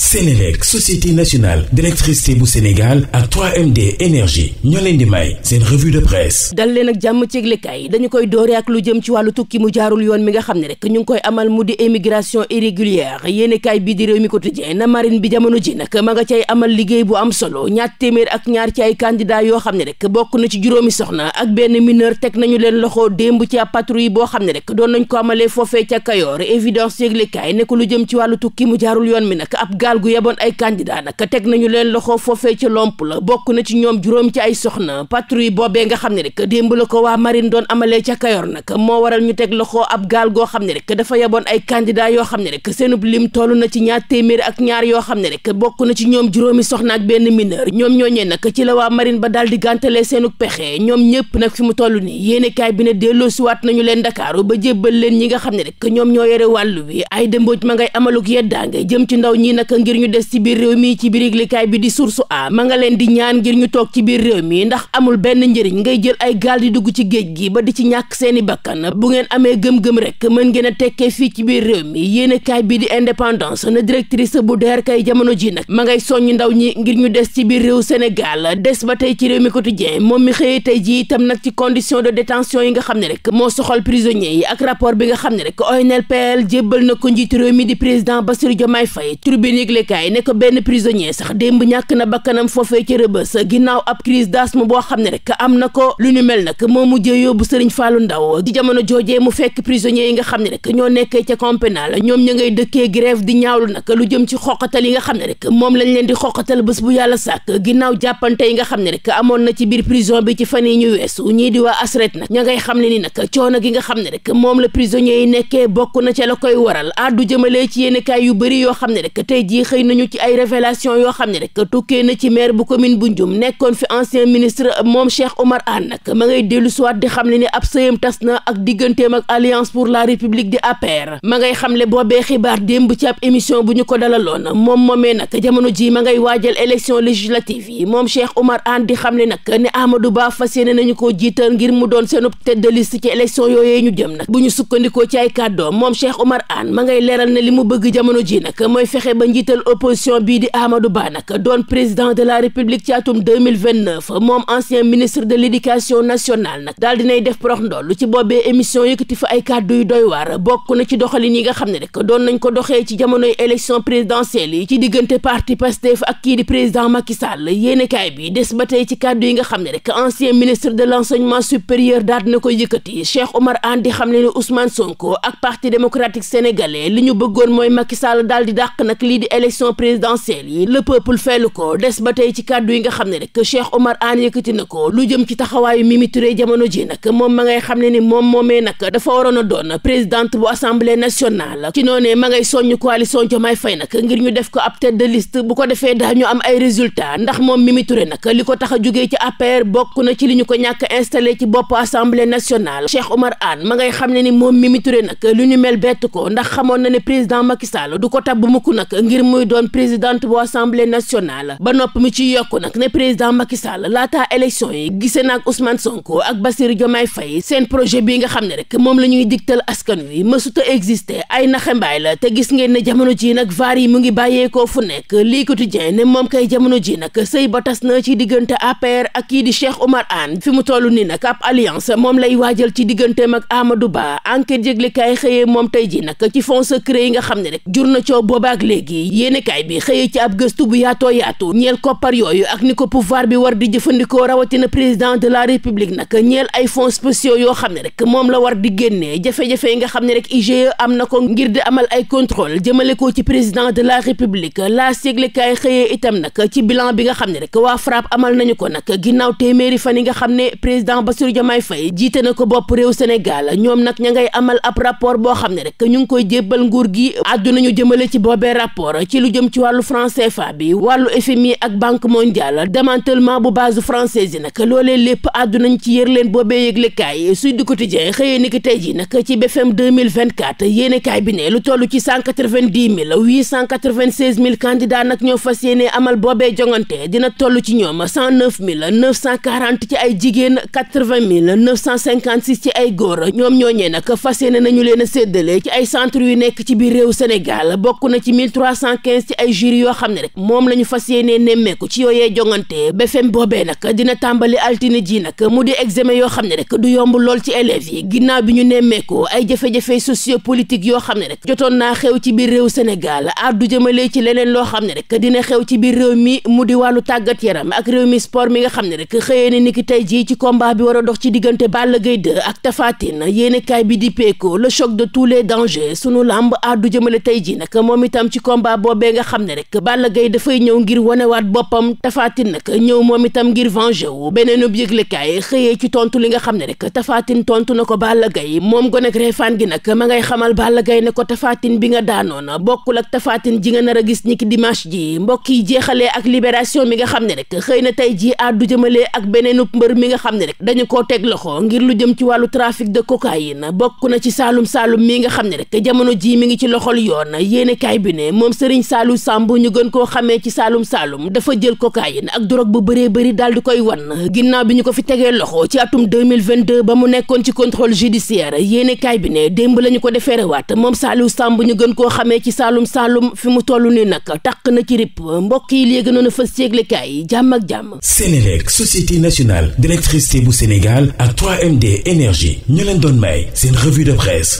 Sénélec société nationale d'électricité bu Sénégal ak 3MD énergie ñoo leen di may seen revue de presse dal leen ak jàmm ci yëglekaay yi dañu koy doore ak lu jëm ci wàllu tukki mu jaarul yoon mi nga xam ne rek ñu ngi koy amal mu di émigration irrégulière yéenekaay bii di réew mi quotidien na marine bi jamono ji nag ma nga cay amal liggéey bu am solo ñaat téeméer ak ñaar ci ay candidat yoo xam ne rek bokk na ci juróomi soxna ak benn mineur teg nañu leen loxo démb ci ab patrouille boo xam ne rek doon nañ ko amalee foofee ca Kayoor évidence yëglekaay ne ko lu jëm ci wàllu tukki mu jaarul yoon mi nag ab gaal gu yeboon ay candidat nag teg leen loxo foofee ca lomp la bokk na ci ñoom juróom ci ay soxna patrouille boobee nga xam ne rek démb la ko waa marine doon amalee ca Kayor nag moo waral ñu teg loxo ab gaal goo xam ne rek dafa yeboon ay candidat yoo xam ne rek seenub lim toll na ci ñaar téeméer ak ñaar yoo xam ne rek bokk na ci ñoom juróomi soxna ak benn mineur ñoom ñooñee nag ci la waa ba daal di gàntalee seenug pexe ñoom ñëpp nag fi mu toll nii yéenekaay bi ne delloo siwaat nañu leen Dakaaru ba jébbal leen ñi nga xam ne rek ñoom ñoo yore wàllu wi ay dëmbooj ma ngay amaluk yeddaange jëm ci ndaw ñi nag ngir ñu des ci biir réew mi ci biir yëglekaay bi di source a ma nga leen di ñaan ngir ñu toog ci biir réew mi ndax amul benn njëriñ ngay jël ay gaal di dugg ci géej gi ba di ci ñàkk seeni bakkan bu ngeen amee gëm-gëm rek mën ngeen a tekkee fii ci biir réew mi yéenekaay bi di indépendance na directrice bu deer kay jamono ji nag ma ngay soññ ndaw ñi ngir ñu des ci biir réew Sénégal des ba tey ci réew mi quotidien moom mi xëyee tey ji itam nag ci condition de détention yi nga xam ne rek moo soxal prisonniers yi ak rapport bi nga xam ne rek ONLPL jébbal na ko njiitu mi di président Bassirou Diomaye Faye yëglekaay ne ko benn prisonnier sax démb ñàkk na bakkanam foofee ca rëbës ginnaaw ab crise d'asthme boo xam ne rek am na ko lu ñu mel nag moo mujjee yóbbu Serigne Fallou Ndaw di jamono joojee mu fekk prisonnier yi nga xam ne rek ñoo nekkee ca camp pénal ñoom ña ngay dëkkee grève di ñaawlu nag lu jëm ci xoqatal yi nga xam ne rek moom lañ leen di xoqatal bés bu yàlla sàkk ginnaaw jàppante yi nga xam ne rek amoon na ci biir prison bi ci fan yi ñu weesu ñii di waa asret nag ña ngay xam ne ni nag coono gi nga xam ne rek moom la prisonnier yi nekkee bokk na ca la koy waral addu jëmalee ci yéenekaay yu bari yoo xam ne rek tey jii xëy nañu ci ay révélation yoo xam ne rek tukkee na ci maire bu commune bu Ndioum nekkoon fi ancien ministre moom Cheikh Oumar Anne nag ma ngay dellu siwaat di xam ne ni ab sëyam tas na ak digganteem ak alliance pour la république di APR ma ngay xam le boobee xibaar démb ci ab émission bu ñu ko dalaloon moom moomee nag jamono ji ma ngay waajal élection législative yi moom Cheikh Oumar Anne di xam ne nag ne Amadou Ba fas yéene nañu koo jiita ngir mu doon seenub tête de liste ci ñu jëm nag bu ñu sukkandikoo ci ay kàddoom moom Cheikh Oumar ma ngay leeral ne li mu bëgg jamono ji nag mooy fexe njiital opposition bii di Amadou Ba nag doon président de la république ci atum moom ancien ministre de l'éducation nationale nag daal dinay def prox ndoll ci boobee émission yëkkati fa ay kàddu yu doy waar bokk na ci doxalin yi nga xam ne rek doon nañ ko doxee ci jamonoy élection présidentielle yi ci diggante parti Pastef ak kii di président Macky Sall bi des ba tey ci kàddu yi nga xam ne rek ancien ministre de l'enseignement supérieur élection présidentielle yi le peuple fellu ko des ba tey ci kàddu yi nga xam ne rek Cheikh Omar Anne yëkkati na ko lu jëm ci taxawaayu Mimi jamono ji nag moom ma ngay xam ne ni moom moomee nag dafa waroon a doon présidente bu assemblée nationale noonee ma ngay soññ coalition Diomaye Faye nag ngir ñu def ko ab tête de liste bu ko defee daañu am ay résultats ndax moom Mimi nag li ko tax a jugee ci APR bokk na ci li ñu ko ñàkk installé ci bopp assemblée national Cheikh Omar Anne ma ngay xam ne ni moom Mimi Touré nag lu ñu mel bett ko ndax xamoon na ne président Macky Sall du ko tabb mukk nag ngir ngir muy doon présidente bu assemblée nationale ba nopp mi ci yokk nag ne président Macky Sall laataa élection yi gisee na ak Ousmane Sonko ak Bassirou Diomaye Faye seen projet bii nga xam ne rek moom la ñuy digtal askan wi mësuta exister ay naxembaay la te gis ngeen ne jamono ji nag vaar yi mu ngi bàyyeekoo fu nekk lii quotidien ne moom kay jamono ji nag sëy ba tas na ci diggante APR ak kii di Cheikh Omar Anne fi mu toll nii nag ab moom lay waajal ci digganteem ak Amadou Ba enquête yëglekaay xëyee moom tey ji nag ci fonds secret yi nga xam ne rek jur na coow boobaak léegi yéenekaay bi xëyee ci ab gëstu bu yaatoo yaatu ñeel koppar yooyu ak ni ko pouvoir bi war di jëfandikoo rawatina président de la république nag ñeel ay fonds spéciaux yoo xam ne rek moom la war di génnee jafe-jafe yi nga xam ne rek ug e am na ko ngir di amal ay contrôle jëmale ko ci président de la république laa séglekaay xëyee itam nag ci bilan bi nga xam ne rek waa FRAPP amal nañu ko nag ginnaaw téeméeri fan yi nga xam ne président Bassirou Diomaye Faye jiite na ko bopp réew Sénégal ñoom nag ña ngay amal ab rapport boo xam ne rek ñu ngi koy jébbal nguur gi àddu nañu jëmale ci boobee rapport dara ci lu jëm ci wàllu franc CFA bi wàllu FMI ak banque mondiale démantèlement bu base française yi nag loolee lépp àddunañ ci yër leen boobee yëglekaay Sud Quotidien xëyee ni ki tey ji nag ci BFM 2024 yéenekaay bi ne lu toll ci cent quatre-vingt-dix mille huit cent quatre-vingt-seize mille candidats nag ñoo fas yéene boobee jongante dina toll ci ñoom cent neuf mille neuf cent quarante ci ay jigéen quatre-vingt mille neuf cent cinquante ci ay góor ñoom ñooñee nag fas yéene nañu leen a séddale ci ay centre yu nekk ci biir réew Sénégal bokk na ci cent quinze ci ay jury yoo xam ne rek moom la ñu fas nag mu di examen yoo xam ne rek du yomb lool ci élèves yi ginnaaw bi ñu nemmeekoo ay jafe-jafe sociopolitique yoo xam ne rek jotoon naa xew ci biir réew Sénégal addu jëmale ci leneen loo xam ne rek dina xew ci biir réew mi mu di wàllu tàggat yaram ak réew mi sport mi nga xam ne rek xëyee na ni ki tey jii ci komba bi war a dox ci diggante Balla Gaye 2 ak Tapha Tine yéenekaay bi di peeko le choc de tous les dangers sunu làmb addu jëmale tey jii nag moom itam ci combat combat boobee nga xam ne rek Balla Gaye dafay ñëw ngir wanewaat boppam tafaatin nag ñëw moom itam ngir venger wu beneenub yëglekaay xëyee ci tontu li nga xam ne rek tafaatin tontu na ko Balla Gaye moom gonek reefaan gi nag ma ngay xamal Balla Gaye ne ko tafaatin bi nga daanoon bokkul ak tafaatin ji nga nar a gis niki dimanche ji mbokk yi jeexalee ak libération mi nga xam ne rek xëy na tey ji àddu jëmalee ak beneenub mbër mi nga xam ne rek dañu koo teg loxo ngir lu jëm ci wàllu trafic de cocaïne bokk na ci saalum saalum mi nga xam ne rek jamono ji mi ngi Serigne Saliou Samb ñu gën koo xamee ci saalum saalum dafa jël cocaïne ak drogue bu bëree bëri daal di koy wan ginnaaw bi ñu ko fi tegee loxo ci atum 2022 ba mu nekkoon ci contrôle judiciaire yéene kaay bi ne démb la ñu ko defee rewaat moom Saliou Samb ñu gën koo xamee ci saalum saalum fi mu toll nii nag taq na ci rip mbokk yi léegi noonu fas yéegle kaay jàmm ak jàmm. Sénélec société nationale d'électricité bu Sénégal ak 3MD énergie ñu leen doon may seen revue de presse.